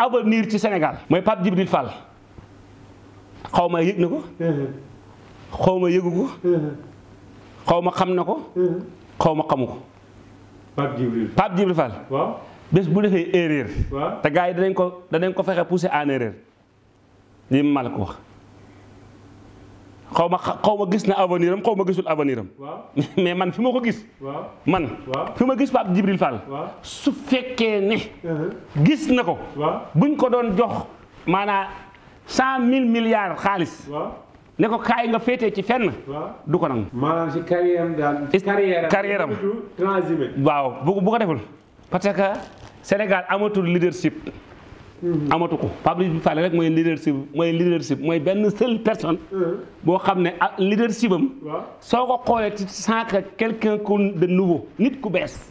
avenir ci Sénégal mooy Pape Djibril Fall xaw ma yëg na ko xaw ma yëgu ko xaw ma xam na ko xaw ma xamu ko Pape Djibril Pape Djibril bés bu defee erreur te gars yi danañ ko danañ ko fexe pousser en erreur li mal ko wax xaw ma xaw ma gis na avenir am xaw ma gisul avenir am. mais man fi ma ko gis. man fi ma gis Pape Djibril Fall. su fekkee ne. Uh-huh. gis na ko. buñ ko doon jox maanaa cent mille milliards xaalis. ne ko kaay nga féetee ci fenn. du ko nangu. maanaam si carrière deful parce que Sénégal amatul leadership. Mhm. amatu ko Pape Diouf Fall rek mooy leadership mooy leadership mooy benn seule personne. Mhm. boo xam ne ah leadership am. soo ko xoolee ci sànq quelqu'un de nouveau nit ku bees.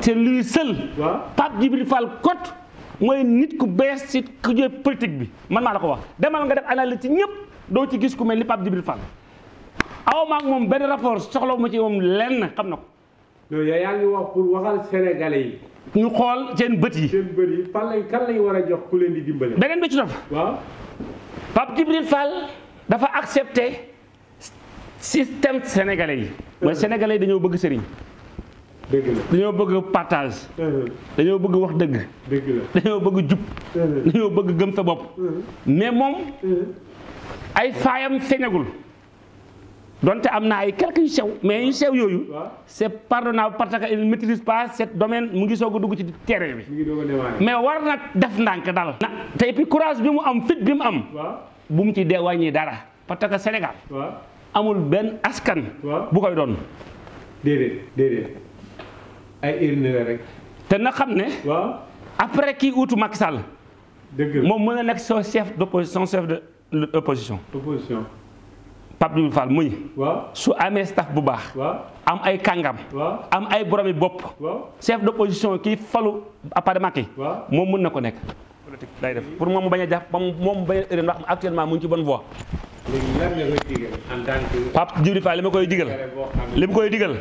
c'est lui sël Pape Djibril Fall kot mooy nit ku bees ci kuje politique bi man maa la ko wax demal nga def analyse ci ñëpp doo ci gis ku mel ni Pape Djibril Fall aw maag moom benn rapport soxla ma ci moom lenn xam na ko. loolu yaa ngi wax pour waxal sénégalais yi. ñu xool seen bët yi. seen bët yi a jox leen di dimbale. beneen bi ci topp. waaw. Pape Djibril Fall dafa accepté système sénégalais yi. Euh. mooy sénégalais dañoo bëgg sëriñ. dañoo bëgg partage. Euh. dañoo bëgg wax dëgg. dëgg dañoo bëgg jub. Euh. dañoo bëgg gëm sa bopp. mais moom. ay faayam feeñagul. donte am na ay quelques yu sew mais yu sew yooyu c' est pardonnable parce que il ne maîtrise pas cet domaine mu ngi soo a dugg ci terrain bi mais war na def ndànk daal na te et puis courage bi mu am fit bi mu am bu mu ci dee wàññi dara parce que Sénégal amul benn askan bu koy doon te na xam ne après kii uutu Macky Sall moom mën a nekk soo chef d' opposition chef de l' opposition Pape Djibril Fall mu su amee staff bu baax. am ay kàngam. am ay boromi bopp. chef de position kii falu apparemment ki moom mun na ko nekk. lay def pour moom mu bañ a jàpp moom mu bañ a ndax actuellement mu ngi ci bonne voie. Pape Djibril Fall li ma koy digal. li ma koy digal.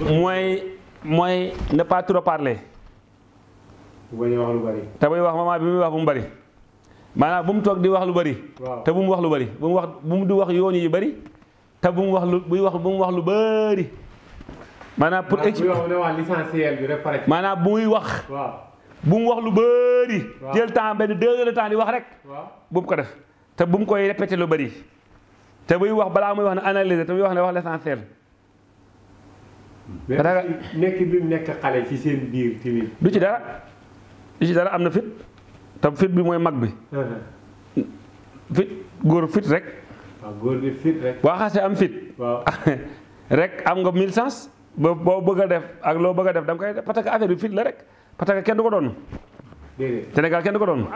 mooy mooy ne pas trop parler. te bay wax moment bi muy wax bu mu bari. maanaam bu mu toog di wax lu bëri te bu mu wax lu bëri bu mu wax bu mu di wax yoon yi bëri te bu mu wax lu buy wax bu mu wax lu bëri maanaam pour maanaam buy wax bu mu wax lu bëri jël temps benn deux heures de temps di wax rek bu mu ko def te bu mu koy répété lu bëri te buy wax balaa muy wax ne analyser te wax ne wax l'essentiel nekk mu nekk xale ci seen biir tamit du ci dara du ci dara am na fit tam fit bi mooy mag bi. Uh-huh. fit góor fit rek. waaw góor bi fit rek. am fit. rek am nga mille sens ba boo bëgg a def ak loo bëgg a def da nga koy def parce que affaire bi fit la rek parce que kenn du ko doon. Sénégal kenn ko doon.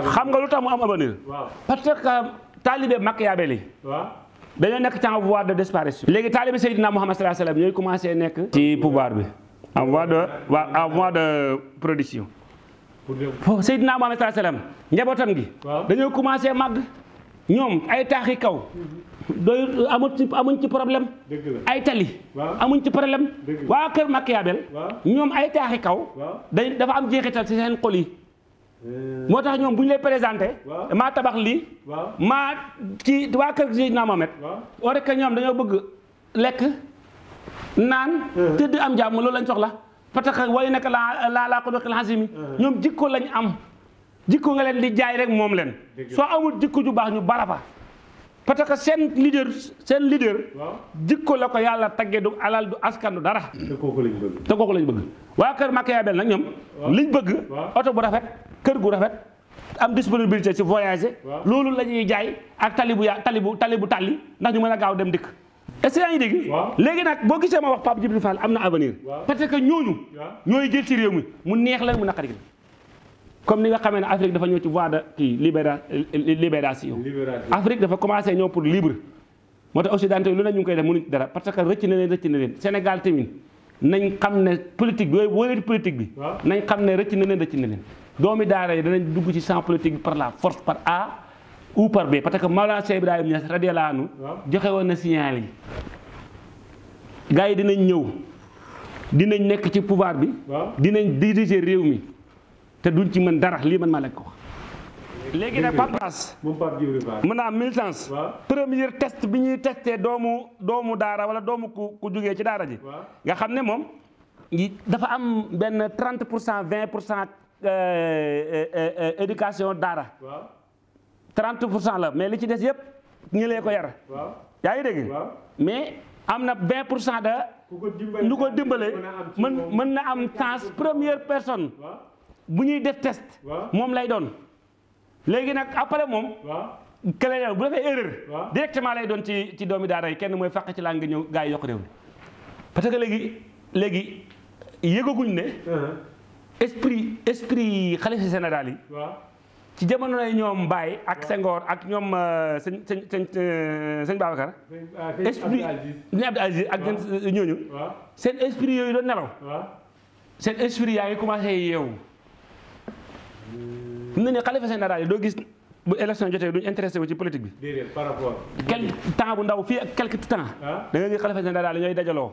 xam nga lu tax mu am avenir. parce que taalibe Machiavel yi. dañoo nekk ci en voie de disparition. léegi taalibe Seydina Muhammad sallallahu alayhi wa sallam ñooy commencé nekk. ci pouvoir bi en voie de en voie de production. foofu Seydina Muhammad sallallahu alayhi wasallam njabootam gi dañoo commencé màgg ñoom ay taaxi kaw doy amu amuñ ci problème ay tali amuñ ci problème waa kër Machiavel ñoom ay taaxi kaw dañ dafa am jeexital ci seen xol eh. moo tax ñoom buñ ñu lay présenté maa tabax lii maa ci waa kër Seydina Muhammad oo rek ñoom dañoo bëgg lekk naan eh. tëdd am jàmm loolu lañ soxla fataxa way naka laa laa laa ko doxil xasimi uh-huh. ñoom jikko lañ am jikkoo nga leen di jaay rek moom leen soo amul jikko ju baax ñu balafa parce que seen leader seen leader jikko la ko yàlla tagge du alal du askan du dara te kooku lañ bëgg waa kër Machiavel nag ñoom liñ bëgg oto bu rafet kër gu rafet am disponibilité ci voyager loolu la ñuy jaay ak tali bu ya tali bu tali ndax ñu mën a gaaw dem dikk est-ce que yaa ngi dégg. léegi nag boo gisee ma wax Pape Djibril Fall am na avenir. parce ñooñu. ñooy jël ci réew mi mu neex leen mu naqari comme ni nga xamee ne Afrique dafa ñëw ci voie de kii libéra libération. Afrique dafa commencé ñëw pour libre. moo tax Occidentaux yi lu ne ñu ngi koy def mënuñ dara parce que rëcc na leen rëcc na leen Sénégal tamit nañ xam ne politique bi wóoree politique bi. nañ xam ne rëcc na leen rëcc na leen. doomi daara yi danañ dugg ou par B parce que Maolana Cheikh Ibrahima Niass radiyallahu joxe woon na signal yi gars yi dinañ ñëw dinañ nekk ci pouvoir bi dinañ diriger réew mi te duñ ci mën dara lii mën maa leen ko wax léegi nag papras maanaam militance premier test bi ñuy testee doomu doomu daara wala doomu ku ku jógee ci daara ji nga xam ne moom dafa am benn trente pour cent vingt pour cent euh, euh, euh, éducation daara 30 pour cent la mais li ci des yëpp ñu lee ko yar. waaw yaa ngi dégg. mais am na 20 pour cent de. lu ko dimbale mën mën na am chance première personne. bu ñuy def test. moom lay doon. léegi nag après moom. kële yow bu defee erreur. directement lay doon ci ci doomi daara yi kenn mooy fàq ci laa nga ñëw gaa yi yokk réew mi parce que léegi léegi yëgaguñ ne. Uh-huh. esprit esprit xalifa général yi. ci jamono yi ñoom Baye ak sengoor ak ñoom euh, sëñ sëñ sëñ euh, sëñ Babacar. Euh, esprit ni Abdou Aziz ak ñooñu. seen esprit yooyu doon nelaw. seen esprit yaa ngi commencé yeewu. mu ne nii xalifa général yi doo gis bu élection jotee duñ intéressé wu ci politique bi. déedéet par bu ndaw fii ak quelque temps. Ah. da nga gis xalifa général yi ñooy dajaloo.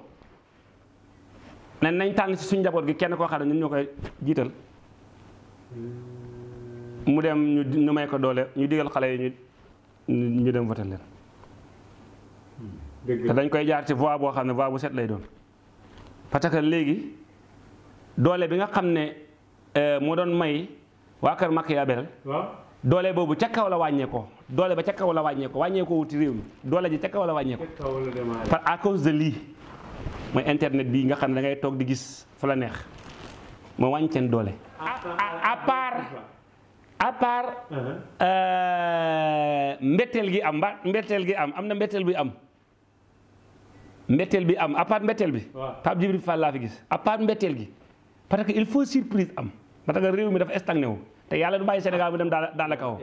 nen nañ tànn si suñ njaboot gi kenn koo xam ne ñun ñoo koy jiital. Hmm. mu dem ñu ñu may ko doole ñu digal xale yi ñu ñu dem voté leen. te dañ koy jaar ci voie boo xam ne voie bu set lay doon. parce que léegi doole bi nga xam ne euh, moo doon may waa Kër Machiavel. waaw doole boobu ca kaw la wàññeekoo doole ba ca kaw la wàññeekoo wàññeekoo wuti réew mi doole ji ca kaw la wàññeekoo. par à cause de lii mooy internet bi nga xam ne da ngay toog di gis fu la neex moo wàññi doole. à part uh-huh. euh, mbetteel gi am mbaa mbetteel gi am am na mbetteel bi am mbetteel bi am à part mbetteel bi Pape Djibril fa laa fi gis à part mbetteel gi parce que il faut surprise am parce que réew mi dafa stagné wu te yàlla du bàyyi Sénégal mu dem dans la dans la kaw